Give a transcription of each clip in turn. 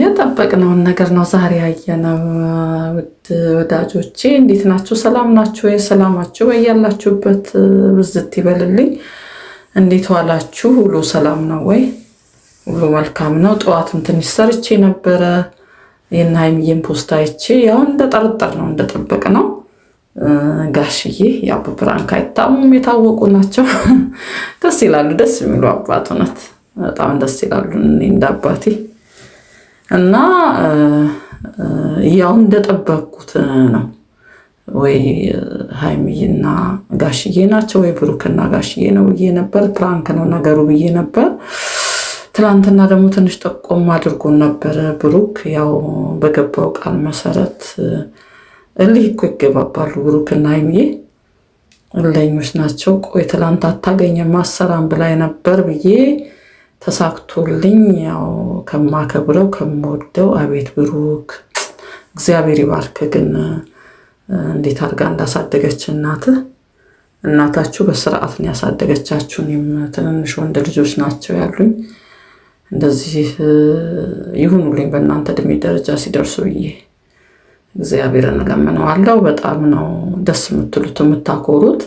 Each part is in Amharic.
የጠበቅነውን ነገር ነው ዛሬ ያየነው። ወዳጆቼ እንዴት ናችሁ? ሰላም ናችሁ ወይ? ሰላማችሁ ወይ ያላችሁበት ብዝት ይበልልኝ። እንዴት ዋላችሁ? ውሎ ሰላም ነው ወይ? ውሎ መልካም ነው። ጠዋትም ትንሽ ሰርቼ ነበረ። ይህን ሀይሚዬን ፖስታ አይቼ ያው እንደጠረጠር ነው እንደጠበቅ ነው ጋሽዬ ያው በብራንክ አይታሙም፣ የታወቁ ናቸው። ደስ ይላሉ። ደስ የሚሉ አባት እውነት በጣም ደስ ይላሉ። እኔ እንደ አባቴ እና ያው እንደጠበቅኩት ነው። ወይ ሀይሚና ጋሽዬ ናቸው ወይ ብሩክና ጋሽዬ ነው ብዬ ነበር። ፕራንክ ነው ነገሩ ብዬ ነበር። ትናንትና ደግሞ ትንሽ ጠቆም አድርጎ ነበረ ብሩክ። ያው በገባው ቃል መሰረት እልህ እኮ ይገባባሉ ብሩክና ሀይሚዬ እለኞች ናቸው። ቆይ ትላንት አታገኘም ማሰራም ብላይ ነበር ብዬ ተሳክቶልኝ ያው ከማከብረው ከምወደው አቤት ብሩክ እግዚአብሔር ይባርክ። ግን እንዴት አድርጋ እንዳሳደገች እናትህ እናታችሁ በስርዓት ነው ያሳደገቻችሁ። እኔም ትንንሽ ወንድ ልጆች ናቸው ያሉኝ። እንደዚህ ይሁኑልኝ በእናንተ እድሜ ደረጃ ሲደርሱ ብዬ እግዚአብሔርን እለምነዋለሁ። በጣም ነው ደስ የምትሉት የምታኮሩት።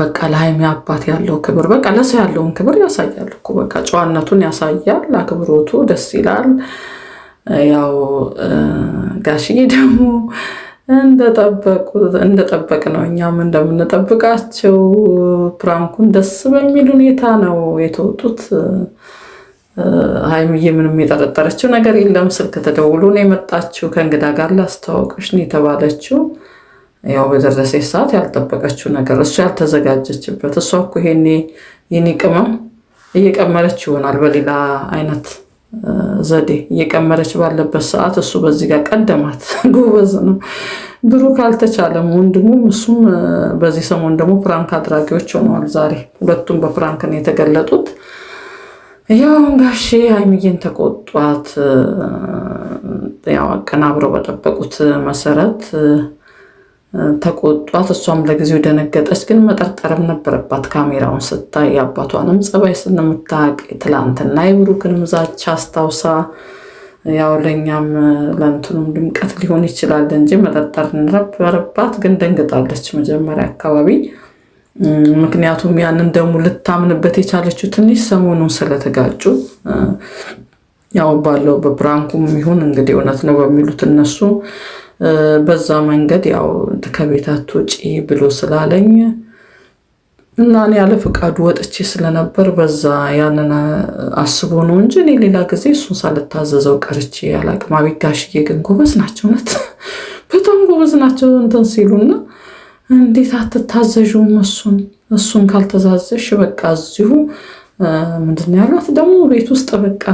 በቃ ለሀይሚ አባት ያለው ክብር በቃ ለሰው ያለውን ክብር ያሳያል እኮ በቃ ጨዋነቱን ያሳያል። አክብሮቱ ደስ ይላል። ያው ጋሽዬ ደግሞ እንደጠበቅ ነው እኛም እንደምንጠብቃቸው ፕራንኩን ደስ በሚል ሁኔታ ነው የተወጡት። ሀይሚዬ ምንም የጠረጠረችው ነገር የለም። ስልክ ተደውሎ ነው የመጣችው። ከእንግዳ ጋር ላስተዋወቅሽ ነው የተባለችው። ያው በደረሰች ሰዓት ያልጠበቀችው ነገር እሱ ያልተዘጋጀችበት እሷ እኮ ይሄኔ ይህኔ ቅመም እየቀመረች ይሆናል በሌላ አይነት ዘዴ እየቀመረች ባለበት ሰዓት እሱ በዚህ ጋር ቀደማት። ጎበዝ ነው ብሩክ። አልተቻለም። ወንድሙም እሱም በዚህ ሰሞን ደግሞ ፕራንክ አድራጊዎች ሆነዋል። ዛሬ ሁለቱም በፕራንክ ነው የተገለጡት። ያው ጋሼ ሀይሚዬን ተቆጧት። ያው አቀናብረው በጠበቁት መሰረት ተቆጧት። እሷም ለጊዜው ደነገጠች፣ ግን መጠርጠርም ነበረባት ካሜራውን ስታይ የአባቷንም ጸባይ ስንምታቅ ትላንትና የብሩክንም ዛቻ አስታውሳ ያው ለእኛም ለእንትኑም ድምቀት ሊሆን ይችላል እንጂ መጠርጠር ነበረባት። ግን ደንግጣለች መጀመሪያ አካባቢ ምክንያቱም ያንን ደግሞ ልታምንበት የቻለችው ትንሽ ሰሞኑን ስለተጋጩ ያው ባለው በብራንኩም ይሁን እንግዲህ እውነት ነው በሚሉት እነሱ በዛ መንገድ ያው ከቤት አትውጪ ብሎ ስላለኝ እና እኔ ያለ ፈቃዱ ወጥቼ ስለነበር በዛ ያንን አስቦ ነው እንጂ እኔ ሌላ ጊዜ እሱን ሳልታዘዘው ቀርቼ አላቅም። አቤት ጋሽዬ ግን ጎበዝ ናቸው፣ እውነት በጣም ጎበዝ ናቸው። እንትን ሲሉና እንዴት አትታዘዥውም? እሱን እሱን ካልተዛዘሽ በቃ እዚሁ ምንድን ያሏት ደግሞ ቤት ውስጥ በቃ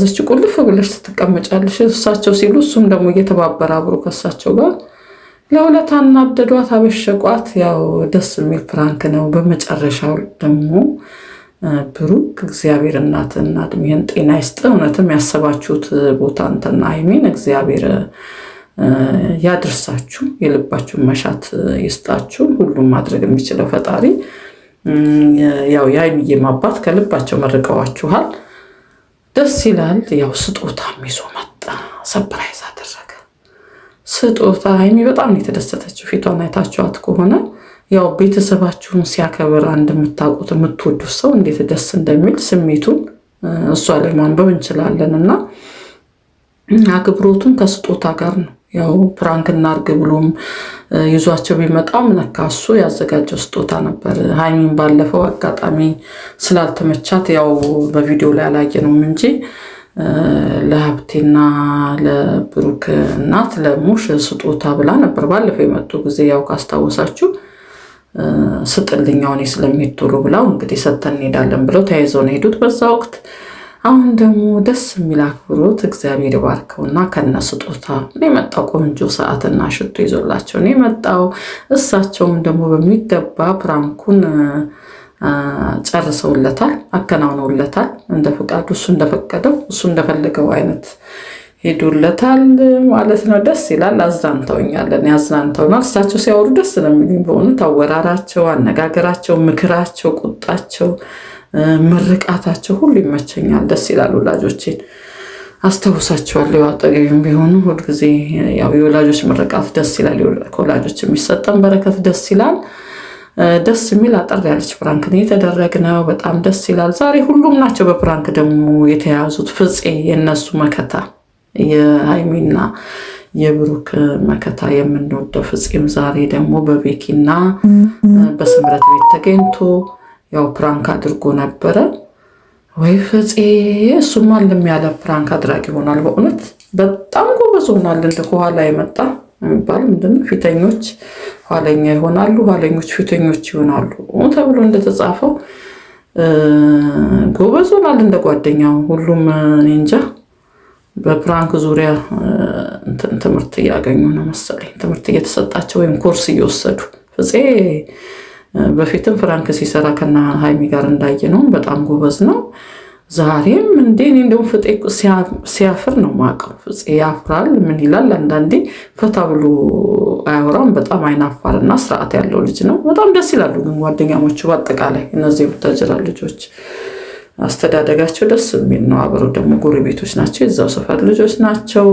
ዝች ቁልፍ ብለሽ ትቀመጫለሽ። እሳቸው ሲሉ እሱም ደግሞ እየተባበረ አብሮ ከእሳቸው ጋር ለሁለት አናደዷት፣ አበሸቋት። ያው ደስ የሚል ፕራንክ ነው። በመጨረሻው ደግሞ ብሩክ እግዚአብሔር እናትን እድሜን ጤና ይስጥ። እውነትም ያሰባችሁት ቦታ እንትና አይሜን እግዚአብሔር ያድርሳችሁ፣ የልባችሁን መሻት ይስጣችሁ። ሁሉም ማድረግ የሚችለው ፈጣሪ። ያው የአይምዬም አባት ከልባቸው መርቀዋችኋል። ደስ ይላል። ያው ስጦታም ይዞ መጣ። ሰፕራይዝ አደረገ ስጦታ። ሀይሚ በጣም ነው የተደሰተችው። ፊቷን አይታችኋት ከሆነ ያው ቤተሰባችሁን ሲያከብር አንድ የምታውቁት የምትወዱት ሰው እንዴት ደስ እንደሚል ስሜቱን እሷ ላይ ማንበብ እንችላለን እና አክብሮቱን ከስጦታ ጋር ነው ያው ፕራንክ እናርግ ብሎም ይዟቸው ቢመጣም ለካ እሱ ያዘጋጀው ስጦታ ነበር። ሀይሚን ባለፈው አጋጣሚ ስላልተመቻት ያው በቪዲዮ ላይ አላየነውም እንጂ ለሀብቴና ለብሩክ እናት ለሙሽ ስጦታ ብላ ነበር ባለፈው የመጡ ጊዜ ያው ካስታወሳችሁ ስጥልኛውን ስለሚሄድ ቶሎ ብላው እንግዲህ ሰተን እንሄዳለን ብለው ተያይዘው ነው የሄዱት በዛ ወቅት አሁን ደግሞ ደስ የሚል አክብሮት እግዚአብሔር ይባርከውና ከነ ስጦታ የመጣው ቆንጆ ሰዓትና ሽቶ ይዞላቸው ነው የመጣው። እሳቸውም ደግሞ በሚገባ ፕራንኩን ጨርሰውለታል፣ አከናውነውለታል። እንደ ፈቃዱ እሱ እንደፈቀደው እሱ እንደፈለገው አይነት ሄዱለታል ማለት ነው። ደስ ይላል። አዝናንተውኛል፣ አዝናንተውናል። እሳቸው ሲያወሩ ደስ ነው የሚሉኝ በእውነት አወራራቸው፣ አነጋገራቸው፣ ምክራቸው፣ ቁጣቸው ምርቃታቸው ሁሉ ይመቸኛል። ደስ ይላል። ወላጆቼን አስታውሳቸዋለሁ። አጠገቢም ቢሆኑ ሁልጊዜ የወላጆች ምርቃት ደስ ይላል። ከወላጆች የሚሰጠን በረከት ደስ ይላል። ደስ የሚል አጠር ያለች ፕራንክ ነው የተደረግነው። በጣም ደስ ይላል። ዛሬ ሁሉም ናቸው በፕራንክ ደግሞ የተያዙት። ፍፄ የእነሱ መከታ የሃይሚና የብሩክ መከታ የምንወደው ፍፄም ዛሬ ደግሞ በቤኪና በስምረት ቤት ተገኝቶ ያው ፕራንክ አድርጎ ነበረ ወይ ፍፄ። እሱማ ልም ያለ ፕራንክ አድራጊ ይሆናል። በእውነት በጣም ጎበዝ ሆናል። እንደ ከኋላ የመጣ የሚባል ምንድን ፊተኞች ኋለኛ ይሆናሉ፣ ኋለኞች ፊተኞች ይሆናሉ ተብሎ እንደተጻፈው ጎበዝ ሆናል። እንደ ጓደኛው ሁሉም እንጃ በፕራንክ ዙሪያ ትምህርት እያገኙ ነው መሰለኝ፣ ትምህርት እየተሰጣቸው ወይም ኮርስ እየወሰዱ ፍፄ በፊትም ፍራንክ ሲሰራ ከና ሀይሚ ጋር እንዳየ ነው። በጣም ጎበዝ ነው። ዛሬም እንዴ እንዲሁም ፍጤ ሲያፍር ነው ማቀው ያፍራል። ምን ይላል አንዳንዴ ፈታ ብሎ አያወራም። በጣም አይናፋርና ስርዓት ያለው ልጅ ነው። በጣም ደስ ይላሉ ግን ጓደኛሞቹ። በአጠቃላይ እነዚህ የቡታጅራ ልጆች አስተዳደጋቸው ደስ የሚል ነው። አብረው ደግሞ ጎረቤቶች ናቸው፣ የዛው ሰፈር ልጆች ናቸው።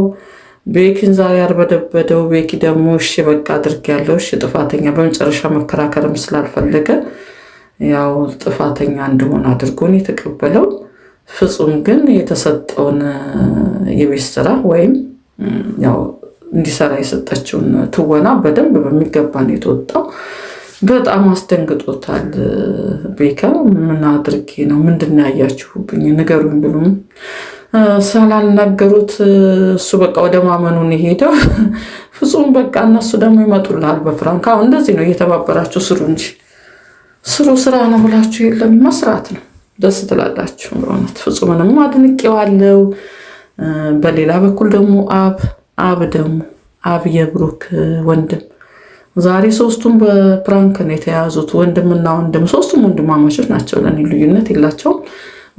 ቤኪን ዛሬ ያርበደበደው ቤኪ ደግሞ እሺ በቃ አድርግ ያለው እሺ ጥፋተኛ በመጨረሻ መከራከርም ስላልፈለገ ያው ጥፋተኛ እንደሆነ አድርጎን የተቀበለው ፍጹም ግን የተሰጠውን የቤት ስራ ወይም ያው እንዲሰራ የሰጠችውን ትወና በደንብ በሚገባ ነው የተወጣው። በጣም አስደንግጦታል። ቤካ ምን አድርጌ ነው ምንድን ያያችሁብኝ ንገሩኝ ብሉም ስላልነገሩት እሱ በቃ ወደ ማመኑን የሄደው ፍጹም በቃ እነሱ ደግሞ ይመጡልሃል በፍራንክ አሁን እንደዚህ ነው እየተባበራችሁ ስሩ እንጂ ስሩ ስራ ነው ብላችሁ የለም መስራት ነው ደስ ትላላችሁ በእውነት ፍጹምንም አድንቄዋለሁ በሌላ በኩል ደግሞ አብ አብ ደግሞ አብ የብሩክ ወንድም ዛሬ ሶስቱም በፕራንክ ነው የተያዙት ወንድምና ወንድም ሶስቱም ወንድማማቾች ናቸው ለእኔ ልዩነት የላቸውም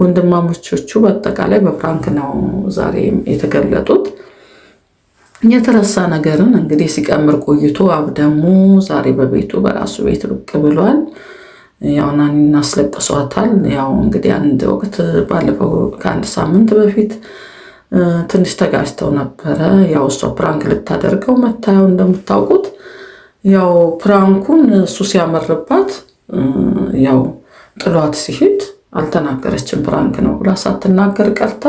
ወንድማሞቾቹ በአጠቃላይ በፕራንክ ነው ዛሬ የተገለጡት። የተረሳ ነገርን እንግዲህ ሲቀምር ቆይቶ አብ ደግሞ ዛሬ በቤቱ በራሱ ቤት ብቅ ብሏል። ያው ናኒን ያው እንግዲህ አንድ ወቅት ባለፈው ከአንድ ሳምንት በፊት ትንሽ ተጋጭተው ነበረ። ያው እሷ ፕራንክ ልታደርገው መታየው እንደምታውቁት ያው ፕራንኩን እሱ ሲያመርባት ያው ጥሏት ሲሄድ አልተናገረችም። ብራንክ ነው ብላ ሳትናገር ቀርታ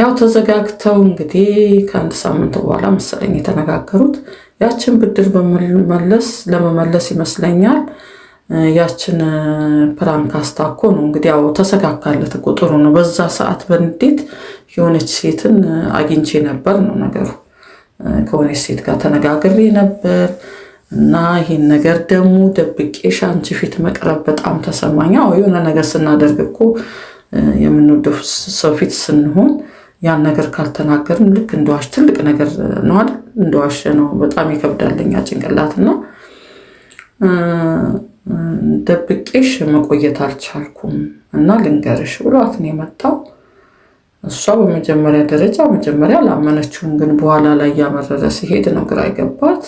ያው ተዘጋግተው እንግዲህ ከአንድ ሳምንት በኋላ መሰለኝ የተነጋገሩት ያችን ብድር በመመለስ ለመመለስ ይመስለኛል ያችን ፕራንክ አስታኮ ነው እንግዲህ ያው ተሰጋካለት እኮ ጥሩ ነው። በዛ ሰዓት በንዴት የሆነች ሴትን አግኝቼ ነበር ነው ነገሩ። ከሆነች ሴት ጋር ተነጋግሬ ነበር እና ይሄን ነገር ደግሞ ደብቄሽ አንቺ ፊት መቅረብ በጣም ተሰማኝ። አዎ የሆነ ነገር ስናደርግ እኮ የምንወደው ሰው ፊት ስንሆን ያን ነገር ካልተናገርን ልክ እንደዋሽ ትልቅ ነገር ነው አይደል? እንደዋሽ ነው። በጣም ይከብዳለኛ እና ደብቄሽ መቆየት አልቻልኩም እና ልንገርሽ ብሏት ነው የመጣው። እሷ በመጀመሪያ ደረጃ መጀመሪያ ላመነችው ግን በኋላ ላይ እያመረረ ሲሄድ ነው ግራ ይገባት።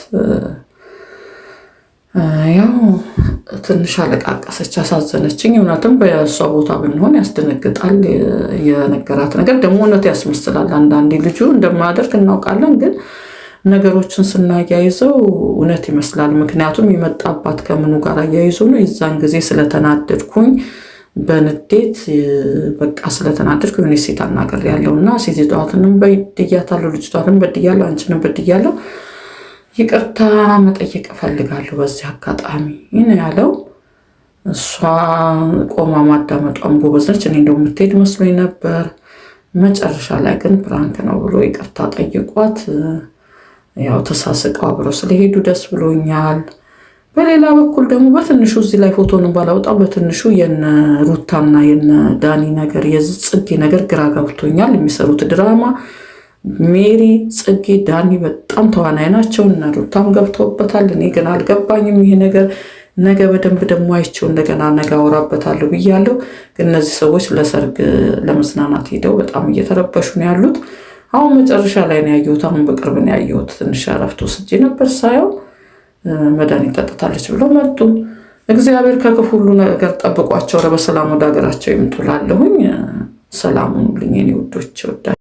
ያው ትንሽ አለቃቀሰች፣ አሳዘነችኝ። እውነትም በእሷ ቦታ ብንሆን ያስደነግጣል። የነገራት ነገር ደግሞ እውነት ያስመስላል። አንዳንዴ ልጁ እንደማያደርግ እናውቃለን፣ ግን ነገሮችን ስናያይዘው እውነት ይመስላል። ምክንያቱም የመጣባት ከምኑ ጋር አያይዞ ነው። የዛን ጊዜ ስለተናደድኩኝ በንዴት በቃ ስለተናደድኩ የሆነ ሴት አናገር ያለው እና በድያታለሁ፣ ልጅቷንም በድያለሁ፣ አንቺንም በድያለሁ ይቅርታ መጠየቅ እፈልጋለሁ በዚህ አጋጣሚ ይህን ያለው እሷ ቆማ ማዳመጧም ጎበዝ ነች። እኔ እንደው የምትሄድ መስሎኝ ነበር። መጨረሻ ላይ ግን ፕራንክ ነው ብሎ ይቅርታ ጠይቋት፣ ያው ተሳስቀው አብረው ስለሄዱ ደስ ብሎኛል። በሌላ በኩል ደግሞ በትንሹ እዚህ ላይ ፎቶን ባላወጣው በትንሹ የነ ሩታና የነ ዳኒ ነገር የዚህ ጽጌ ነገር ግራ ገብቶኛል። የሚሰሩት ድራማ ሜሪ ጽጌ፣ ዳኒ በጣም ተዋናይ ናቸው። እነ ሩታም ገብተውበታል። እኔ ግን አልገባኝም ይሄ ነገር። ነገ በደንብ ደግሞ አይቼው እንደገና ነገ አወራበታለሁ ብያለሁ። ግን እነዚህ ሰዎች ለሰርግ ለመዝናናት ሄደው በጣም እየተረበሹ ነው ያሉት። አሁን መጨረሻ ላይ ነው ያየሁት። አሁን በቅርብ ነው ያየሁት። ትንሽ እረፍት ወስጄ ነበር። ሳየው መድኃኒት ጠጥታለች ብለው መጡ። እግዚአብሔር ከክፉ ሁሉ ነገር ጠብቋቸው፣ ኧረ ወደ ሀገራቸው ይምጡ። ሰላሙን ልኝ ኔ ውዶች ወዳ